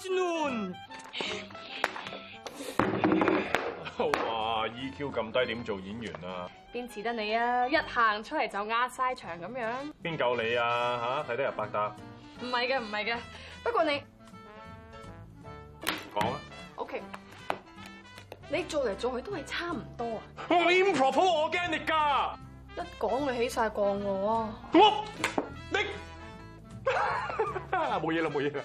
先亂。哇，EQ 咁低點做演員啊？邊持得你啊？一行出嚟就呃晒場咁樣。邊夠你啊？吓，睇得入百搭。唔係嘅，唔係嘅。不過你講啊。吧 o、okay. K，你做嚟做去都係差唔多啊。我 impro 我驚你噶。一講你起晒槓我。啊！我你。冇嘢啦，冇嘢啦。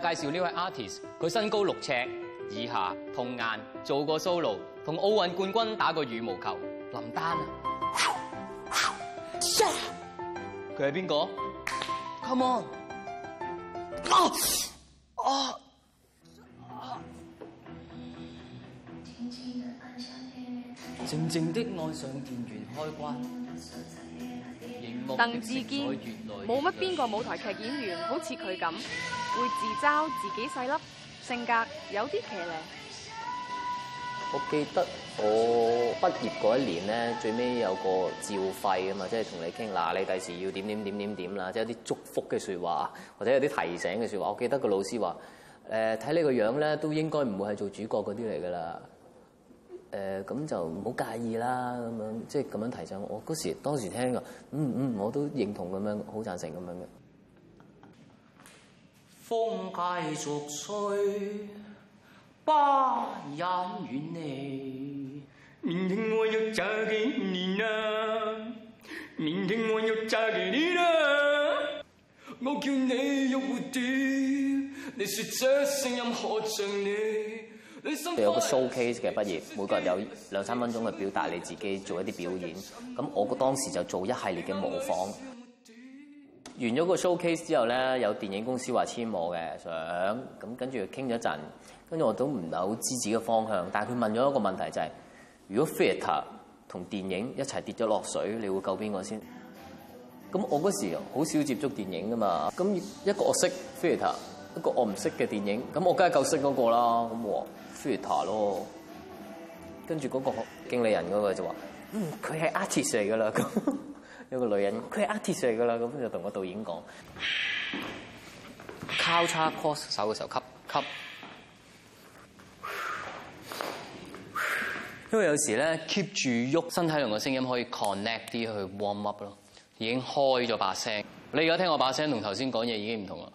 介紹呢位 artist，佢身高六呎以下，童顏，做過 solo，同奧運冠軍打過羽毛球，林丹啊，佢係邊個？Come on，啊 啊！啊啊靜靜的愛上電源開關。鄧智堅原來冇乜邊個舞台劇演員好似佢咁，會自嘲自己細粒，性格有啲騎呢。我記得我畢業嗰一年咧，最尾有個照肺啊嘛，即係同你傾，嗱、啊、你第時要點點點點點啦，即係啲祝福嘅説話，或者有啲提醒嘅説話。我記得個老師話，誒、呃、睇你個樣咧，都應該唔會係做主角嗰啲嚟噶啦。誒咁、呃、就唔好介意啦，咁即係咁樣提醒我。嗰時當時聽個，嗯嗯，我都認同咁樣，好贊成咁樣嘅。風繼續吹，不忍遠離。明天我要嫁給你啦！明天我要嫁給你啦！我叫你玉蝶，你説這聲音可像你。有個 showcase 嘅畢業，每個人有兩三分鐘去表達你自己做一啲表演。咁我個當時就做一系列嘅模仿。完咗個 showcase 之後咧，有電影公司話簽我嘅，想咁跟住傾咗陣，跟住我都唔係好知自己嘅方向。但係佢問咗一個問題就係：如果 theatre 同電影一齊跌咗落水，你會救邊個先？咁我嗰時好少接觸電影㗎嘛。咁一個我識 theatre，一個我唔識嘅電影，咁我梗係救識嗰個啦。咁咯，跟住嗰個經理人嗰個就話：嗯，佢係 artist 嚟噶啦，有個女人，佢係 artist 嚟噶啦。咁佢就同個導演講交叉 cross 手嘅時候吸吸，因為有時咧 keep 住喐身體用嘅聲音可以 connect 啲去 warm up 咯，已經開咗把聲。你而家聽我把聲同頭先講嘢已經唔同啦。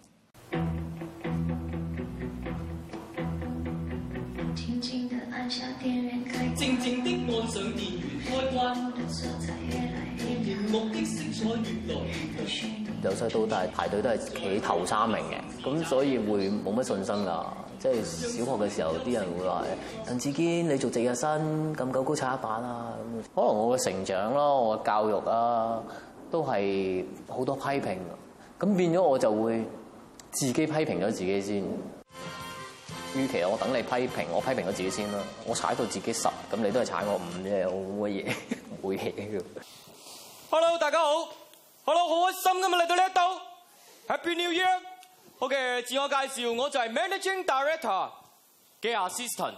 靜靜的望上由細到大排隊都係企頭三名嘅，咁所以會冇乜信心噶。即係小學嘅時候，啲人會話：鄧智堅，你做值日生，咁夠高叉一板啊！可能我嘅成長咯，我嘅教育啊，都係好多批評。咁變咗我就會自己批評咗自己先。與其我等你批評，我批評咗自己先啦。我踩到自己十，咁你都係踩我五啫，冇乜嘢，冇嘢嘅。Hello，大家好。Hello，好開心咁嘛。嚟到呢一度。Happy New Year。OK，自我介紹，我就係 Managing Director 嘅 Assistant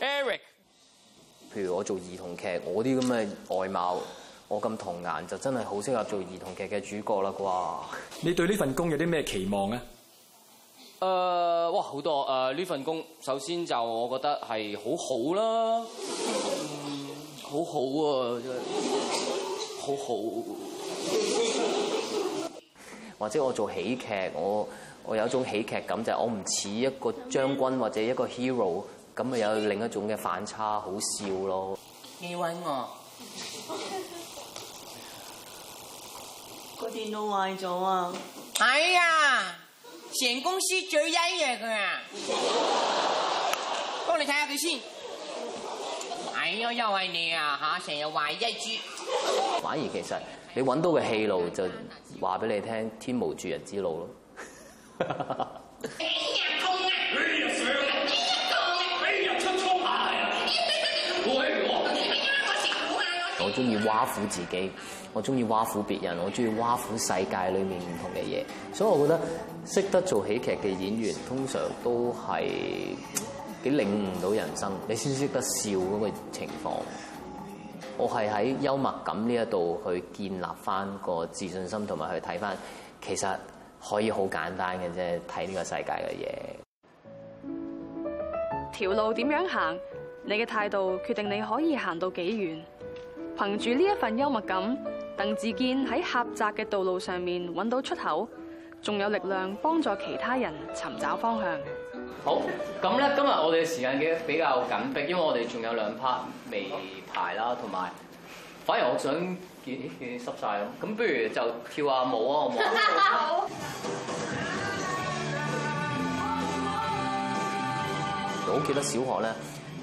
Eric。譬如我做兒童劇，我啲咁嘅外貌，我咁童顏，就真係好適合做兒童劇嘅主角啦啩。你對呢份工有啲咩期望啊？呃，哇，好多誒！呢、呃、份工首先就我覺得係好好啦、嗯，好好啊，好好、啊。或者我做喜劇，我我有一種喜劇感，就係我唔似一個將軍或者一個 hero，咁咪有另一種嘅反差，好笑咯。你揾我個電腦壞咗啊！係啊！ 哎成公司最曳嘅佢啊，幫你睇下佢先。哎唷，又係你啊，又惠你啊吓，成日壞一注。反而其實你揾到嘅戲路就話俾你聽，天無絕人之路咯。 鍾意挖苦自己，我鍾意挖苦別人，我鍾意挖苦世界裏面唔同嘅嘢。所以，我覺得識得做喜劇嘅演員，通常都係幾領悟到人生，你先識得笑嗰個情況。我係喺幽默感呢一度去建立返個自信心，同埋去睇返其實可以好簡單嘅啫，睇呢個世界嘅嘢。條路點樣行？你嘅態度決定你可以行到幾遠。憑住呢一份幽默感，鄧智堅喺狹窄嘅道路上面揾到出口，仲有力量幫助其他人尋找方向。好，咁咧今日我哋嘅時間比較緊迫，因為我哋仲有兩 part 未排啦，同埋反而我想見咦見濕晒咁，咁不如就跳下舞啊！好唔好？好， 好記得小學咧，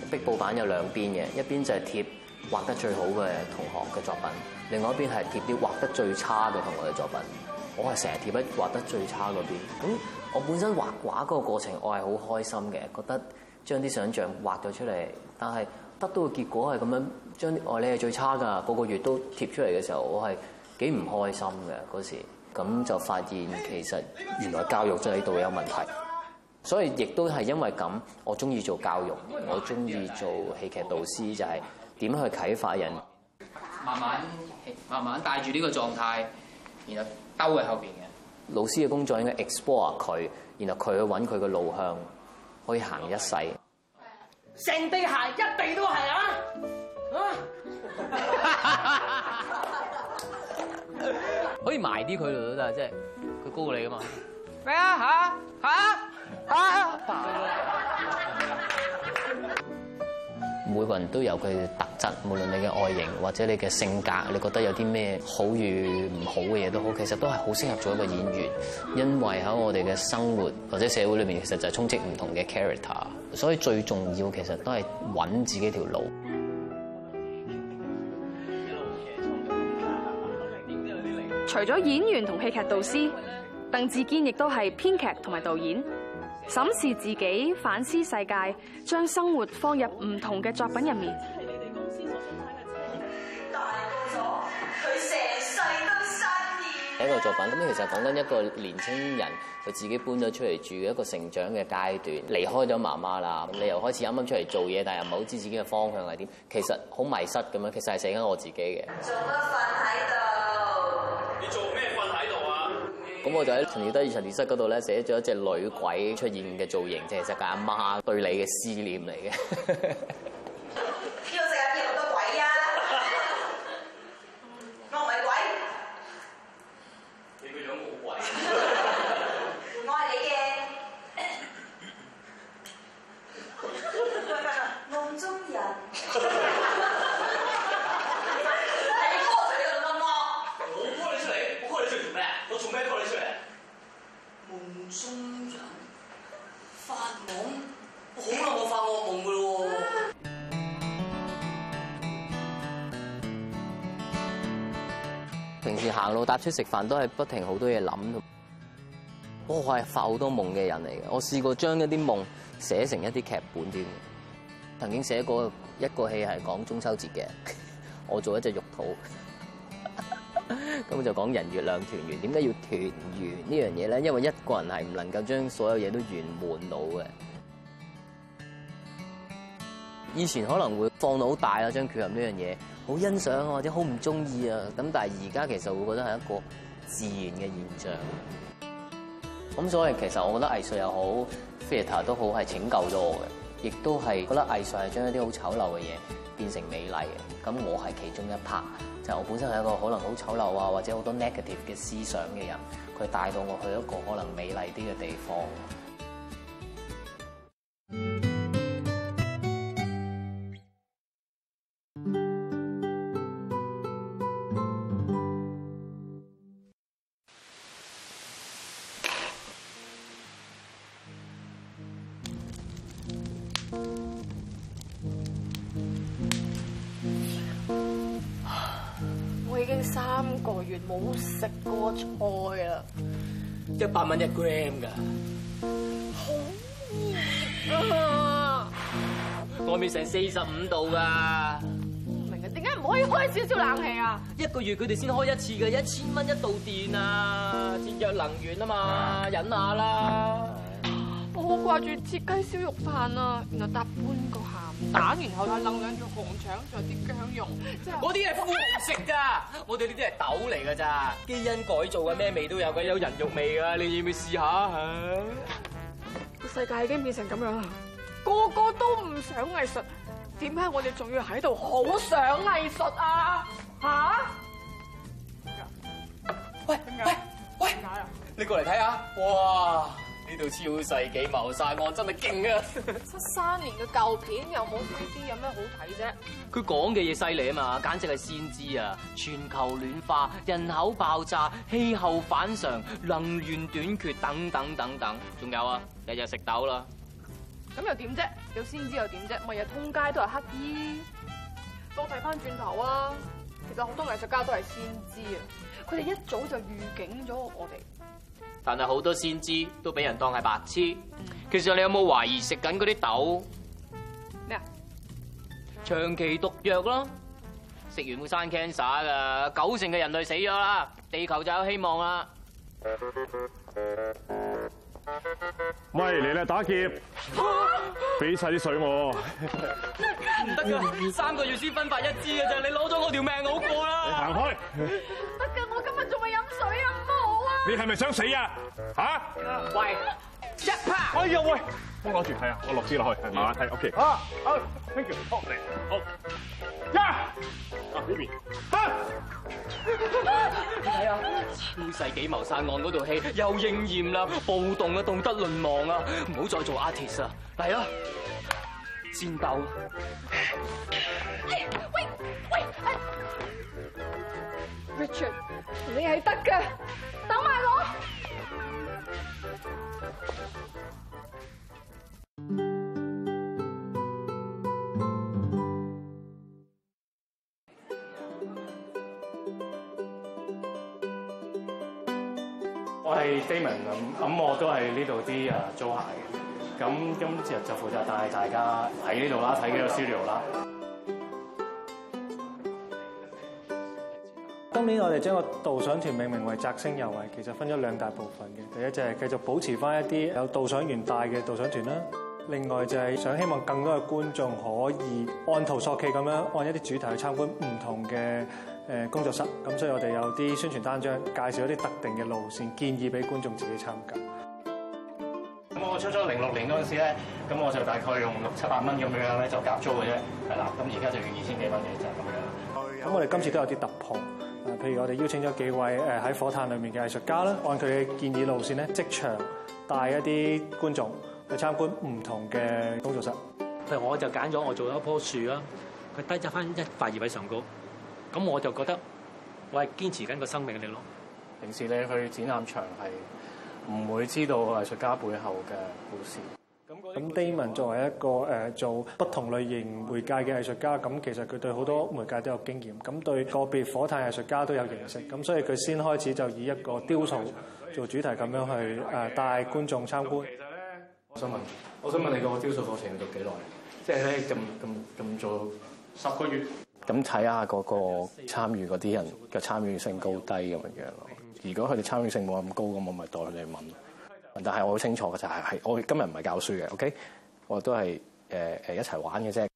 壁布板有兩邊嘅，一邊就係貼。畫得最好嘅同學嘅作品，另外一邊係貼啲畫得最差嘅同學嘅作品。我係成日貼喺畫得最差嗰邊。咁我本身畫畫嗰個過程，我係好開心嘅，覺得將啲想像畫咗出嚟。但係得到嘅結果係咁樣，將啲，哦，你係最差㗎，個個月都貼出嚟嘅時候，我係幾唔開心嘅嗰時。咁就發現其實原來教育制度有問題。所以亦都係因為咁，我中意做教育，我中意做戲劇導師就係、是。點去啟發人？慢慢慢慢帶住呢個狀態，然後兜喺後邊嘅老師嘅工作應該 explore 佢，然後佢去揾佢嘅路向，可以行一世。成地鞋一地都係啊。 可以埋啲佢度都得，即係佢高過你噶嘛？咩 啊嚇嚇嚇！啊啊、 每個人都有佢特。無無論你嘅外形或者你嘅性格，你覺得有啲咩好與唔好嘅嘢都好，其實都係好適合做一個演員，因為喺我哋嘅生活或者社會裏面，其實就係充斥唔同嘅 character，所以最重要其實都係揾自己條路。除咗演員同戲劇導師，鄧智堅亦都係編劇同埋導演，審視自己，反思世界，將生活放入唔同嘅作品入面。第一個作品咁，其實講緊一個年青人，佢自己搬咗出嚟住嘅一個成長嘅階段，離開咗媽媽啦，你又開始啱啱出嚟做嘢，但又唔好知自己嘅方向係點，其實好迷失咁樣，其實係寫緊我自己嘅。做乜瞓喺度？你做咩瞓喺度啊？咁我就喺《陳列德與陳列室》嗰度咧，寫咗隻女鬼出現嘅造型，就係實間阿媽對你嘅思念嚟嘅。 搭出食飯都係不停好多嘢諗，哦，我係發好多夢嘅人嚟嘅。我試過將一啲夢寫成一啲劇本添。曾經寫過一個戲係講中秋節嘅，我做一隻玉兔，咁 就講人月兩團圓。點解要團圓這件事呢樣嘢咧？因為一個人係唔能夠將所有嘢都圓滿到嘅。以前可能會放到好大啦，將缺陷呢樣嘢。好欣賞或者好唔鍾意啊！咁但係而家其實會覺得係一個自然嘅現象。咁所以其實我覺得藝術又好，theatre 都好係拯救咗我嘅，亦都係覺得藝術係將一啲好醜陋嘅嘢變成美麗嘅。咁我係其中一 part，就係我本身係一個可能好醜陋啊，或者好多 negative 嘅思想嘅人，佢帶到我去一個可能美麗啲嘅地方。三個月冇食過菜啊！一百蚊一 gram 㗎，好熱啊！外面成四十五度㗎，唔明啊？點解唔可以開少少冷氣啊？一個月佢哋先開一次嘅，一千蚊一度電啊！節約能源啊嘛，忍下啦。我掛住切雞燒肉飯啊，然後搭半個鹹蛋，然後又係掹兩條紅腸，仲有啲薑蓉。嗰啲係富人食噶，我哋呢啲係豆嚟噶咋？基因改造嘅，咩味都有嘅，有人肉味噶，你要唔要試下啊？個世界已經變成咁樣啦，個個都唔想藝術，點解我哋仲要喺度好想藝術啊？吓？喂喂喂，喂你過嚟睇下，哇！呢度超世紀謀殺案真係勁啊！七三年嘅舊片，又冇睇啲有咩好睇啫？佢講嘅嘢，犀利啊嘛，簡直係先知啊！全球暖化、人口爆炸、氣候反常、能源短缺等等等等，仲有啊，日日食豆啦。咁又點啫？有先知又點啫？咪日通街都係黑衣，多睇翻轉頭啊！其實好多藝術家都係先知啊，佢哋一早就預警咗我哋。但係好多先知都俾人當係白痴。其實你有冇懷疑食緊嗰啲豆？咩啊？長期毒藥咯，食完會生 cancer 噶。九成嘅人類死咗啦，地球就有希望啦。喂，嚟啦，打劫！俾晒啲水我。唔得㗎，三個月先分發一支㗎啫。你攞咗我條命好過啦。你行開。你係咪想死啊？吓、啊、喂，一拍！哎呀喂，封住係啊，我落啲落去，慢慢睇。O K。啊，謝謝好，呢條扑嚟，好一啊呢邊。你睇啊，超、啊啊啊、世紀謀殺案嗰套戲又應驗啦，暴動啊，道德淪亡啊，唔好再做 artist 啊！嚟啊！戰鬥。喂喂喂、哎、，Richard，你係得噶？等埋我。我係 Damon 咁我都係呢度啲啊租客嘅。咁今日就負責帶大家喺呢度啦，睇呢個 studio 啦。我哋將個導賞團命名為摘星遊藝，其實分咗兩大部分嘅。第一就係繼續保持翻一啲有導賞員帶嘅導賞團啦，另外就係想希望更多嘅觀眾可以按圖索驥咁樣，按一啲主題去參觀唔同嘅誒工作室。咁所以我哋有啲宣傳單張介紹一啲特定嘅路線建議，俾觀眾自己參加。咁我出咗零六年嗰陣時咧，咁我就大概用六七百蚊咁樣咧，就夾租嘅啫，係啦。咁而家就要二千幾蚊嘅就係咁樣。咁我哋今次都有啲突破。譬如我哋邀請咗幾位誒喺火炭裏面嘅藝術家啦，按佢嘅建議路線咧，即場帶一啲觀眾去參觀唔同嘅工作室。譬如我就揀咗我做咗一棵樹啦，佢低咗翻一塊葉位上高，咁我就覺得我係堅持緊個生命力咯。平時你去展覽場係唔會知道藝術家背後嘅故事。咁 Damon 作為一個、呃、做不同類型媒介嘅藝術家，咁其實佢對好多媒介都有經驗，咁對個別火炭藝術家都有認識，咁所以佢先開始就以一個雕塑做主題咁樣去誒帶、呃、觀眾參觀。其實咧，我想問，我想問你，我想問你，個雕塑課程要幾耐？即係咧，咁咁咁做十個月。咁睇下嗰個參與嗰啲人嘅參與性高低咁樣樣。如果佢哋參與性冇咁高，咁我咪代佢哋問。但係我好清楚嘅就係、係、係我今日唔係教書嘅，OK？我都係誒誒一齊玩嘅啫。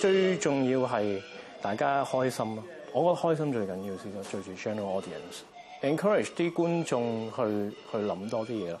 最重要係大家開心咯，我覺得開心最緊要是。先做住 general audience，encourage 啲觀眾去去諗多啲嘢咯。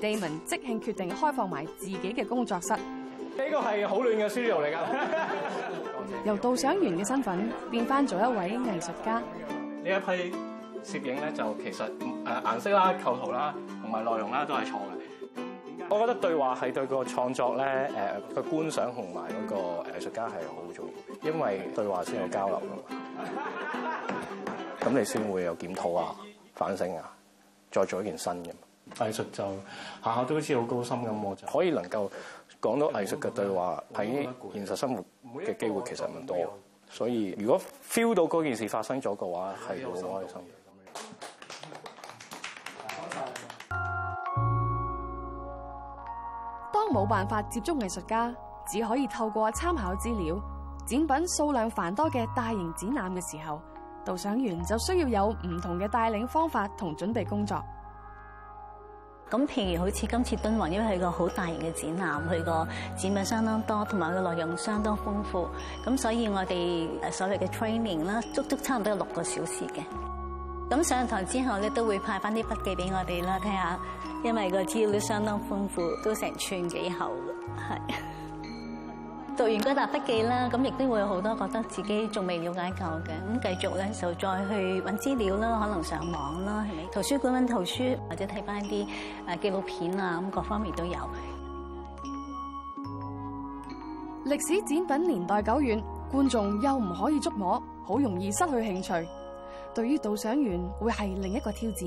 地文即興決定開放埋自己嘅工作室，呢個係好亂嘅 studio 嚟㗎。由導賞員嘅身份變翻做一位藝術家，呢一批攝影咧就其實誒顏色啦、構圖啦同埋內容啦都係錯嘅。我覺得對話係對個創作咧誒個觀賞同埋嗰個藝術家係好重要，因為對話先有交流㗎嘛。咁你先會有檢討啊、反省啊，再做一件新嘅。藝術就下下都好似好高深咁，我就可以能夠講到藝術嘅對話，喺現實生活嘅機會其實唔多，所以如果 feel 到嗰件事發生咗嘅話，係好開心。當冇辦法接觸藝術家，只可以透過參考資料、展品數量繁多嘅大型展覽嘅時候，導賞員就需要有唔同嘅帶領方法同準備工作。咁譬如好似今次敦煌，因為係個好大型嘅展覽，佢個展品相當多，同埋個內容相當豐富，咁所以我哋所謂嘅 training 啦，足足差唔多有六個小時嘅。咁上台之後咧，都會派翻啲筆記俾我哋啦，睇下，因為個資料都相當豐富，都成寸幾厚嘅，係。讀完嗰沓筆記啦，咁亦都會有好多覺得自己仲未了解夠嘅，咁繼續咧就再去揾資料啦，可能上網啦，係咪圖書館揾圖書或者睇翻啲誒紀錄片啊，咁各方面都有。歷史展品年代久遠，觀眾又唔可以觸摸，好容易失去興趣，對於導賞員會係另一個挑戰。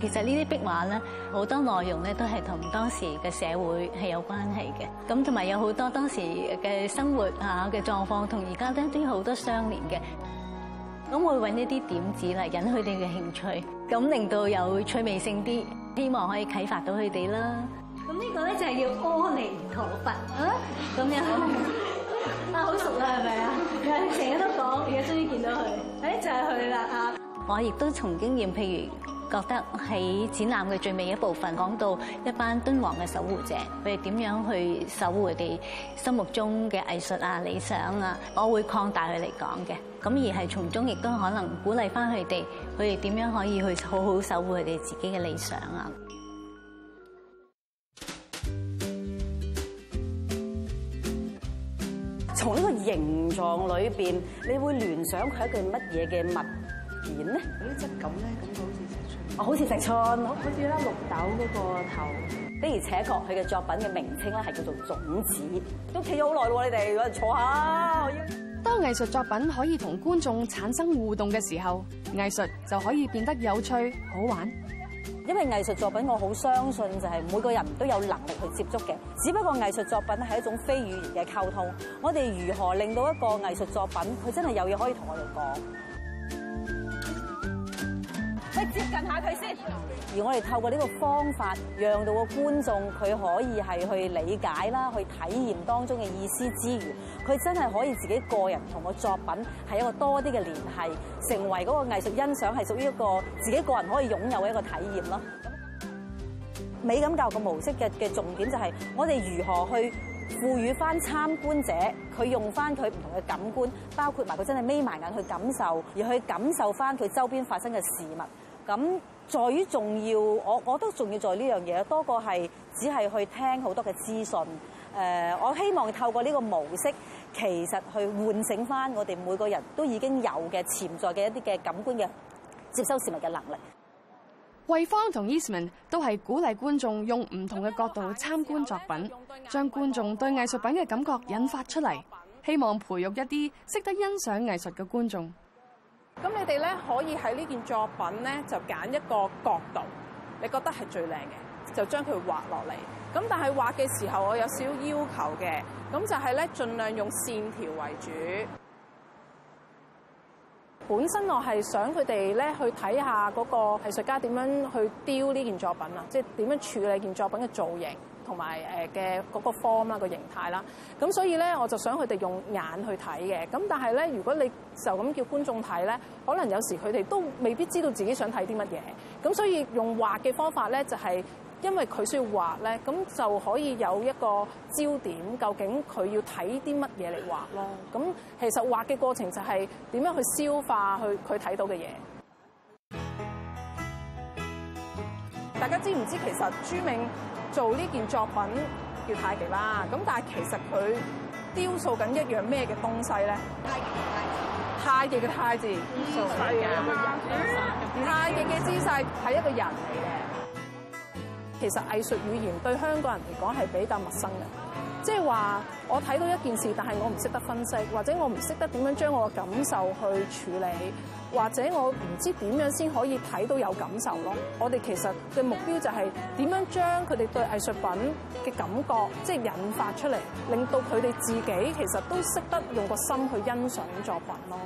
其實呢啲壁畫咧，好多內容咧都係同當時嘅社會係有關係嘅，咁同埋有好多當時嘅生活啊嘅狀況，同而家咧都有好多相連嘅，咁會搵一啲點子嚟引佢哋嘅興趣，咁令到有趣味性啲，希望可以啟發到佢哋啦。咁呢個咧就係叫阿彌陀佛啊，咁樣啊，好熟啦，係咪啊？係，成日都講，而家終於見到佢，誒就係佢啦啊！我亦都從經驗，譬如，覺得喺展覽嘅最尾一部分講到一班敦煌嘅守護者，佢哋點樣去守護佢哋心目中嘅藝術啊、理想啊，我會擴大佢嚟講嘅，咁而係從中亦都可能鼓勵翻佢哋，佢哋點樣可以去好好守護佢哋自己嘅理想啊。從呢個形狀裏邊，你會聯想佢一件乜嘢嘅物件呢？啲質感咧，感覺～好似食錯，好似咧綠豆嗰個頭。的而且確，佢嘅作品嘅名稱咧係叫做種子。都企咗好耐咯，你哋，我哋坐下。我要當藝術作品可以同觀眾產生互動嘅時候，藝術就可以變得有趣好玩。因為藝術作品，我好相信就係每個人都有能力去接觸嘅。只不過藝術作品係一種非語言嘅溝通。我哋如何令到一個藝術作品，佢真係有嘢可以同我哋講？接近下佢先，而我哋透過呢個方法，讓到個觀眾佢可以係去理解啦，去體驗當中嘅意思之餘，佢真係可以自己個人同個作品係一個多啲嘅聯繫，成為嗰個藝術欣賞係屬於一個自己個人可以擁有嘅一個體驗咯。美感教育嘅模式嘅嘅重點就係我哋如何去賦予翻參觀者，佢用翻佢唔同嘅感官，包括埋佢真係眯埋眼去感受，而去感受翻佢周邊發生嘅事物。咁在於仲要，我我都仲要做呢樣嘢，多過係只係去聽好多嘅資訊誒，我希望透過呢個模式，其實去喚醒翻我哋每個人都已經有嘅潛在嘅一啲嘅感官嘅接收事物嘅能力。惠芳同 Eastman 都係鼓勵觀眾用唔同嘅角度參觀作品，將觀眾對藝術品嘅感覺引發出嚟，希望培育一啲識得欣賞藝術嘅觀眾。咁你哋咧可以喺呢件作品咧就揀一個角度，你覺得係最靚嘅，就將佢畫落嚟。咁但係畫嘅時候，我有少少要求嘅，咁就係咧盡量用線條為主。本身我係想佢哋咧去睇下嗰個藝術家點樣去雕呢件作品啊，即係點樣處理件作品嘅造型。同埋誒嘅嗰個 form 啦，個形態啦，咁所以咧我就想佢哋用眼去睇嘅，咁但係咧如果你就咁叫觀眾睇咧，可能有時，佢哋都未必知道自己想睇啲乜嘢，咁所以用畫嘅方法咧就係因為佢需要畫咧，咁就可以有一個焦點，究竟佢要睇啲乜嘢嚟畫咯。咁其實畫嘅過程就係點樣去消化去佢睇到嘅嘢。大家知唔知其實朱銘？做呢件作品叫太極啦，咁但係其實佢雕塑緊一樣咩嘅東西咧？太極嘅太字，太極嘅太字，姿勢嘅人，太極嘅姿勢係一個人嚟嘅。其實藝術語言對香港人嚟講係比較陌生嘅，即係話。我睇到一件事，但係我唔識得分析，或者我唔識得點樣將我嘅感受去處理，或者我唔知點樣先可以睇到有感受咯。我哋其實嘅目標就係點樣將佢哋對藝術品嘅感覺即係、就是、引發出嚟，令到佢哋自己其實都識得用個心去欣賞作品咯。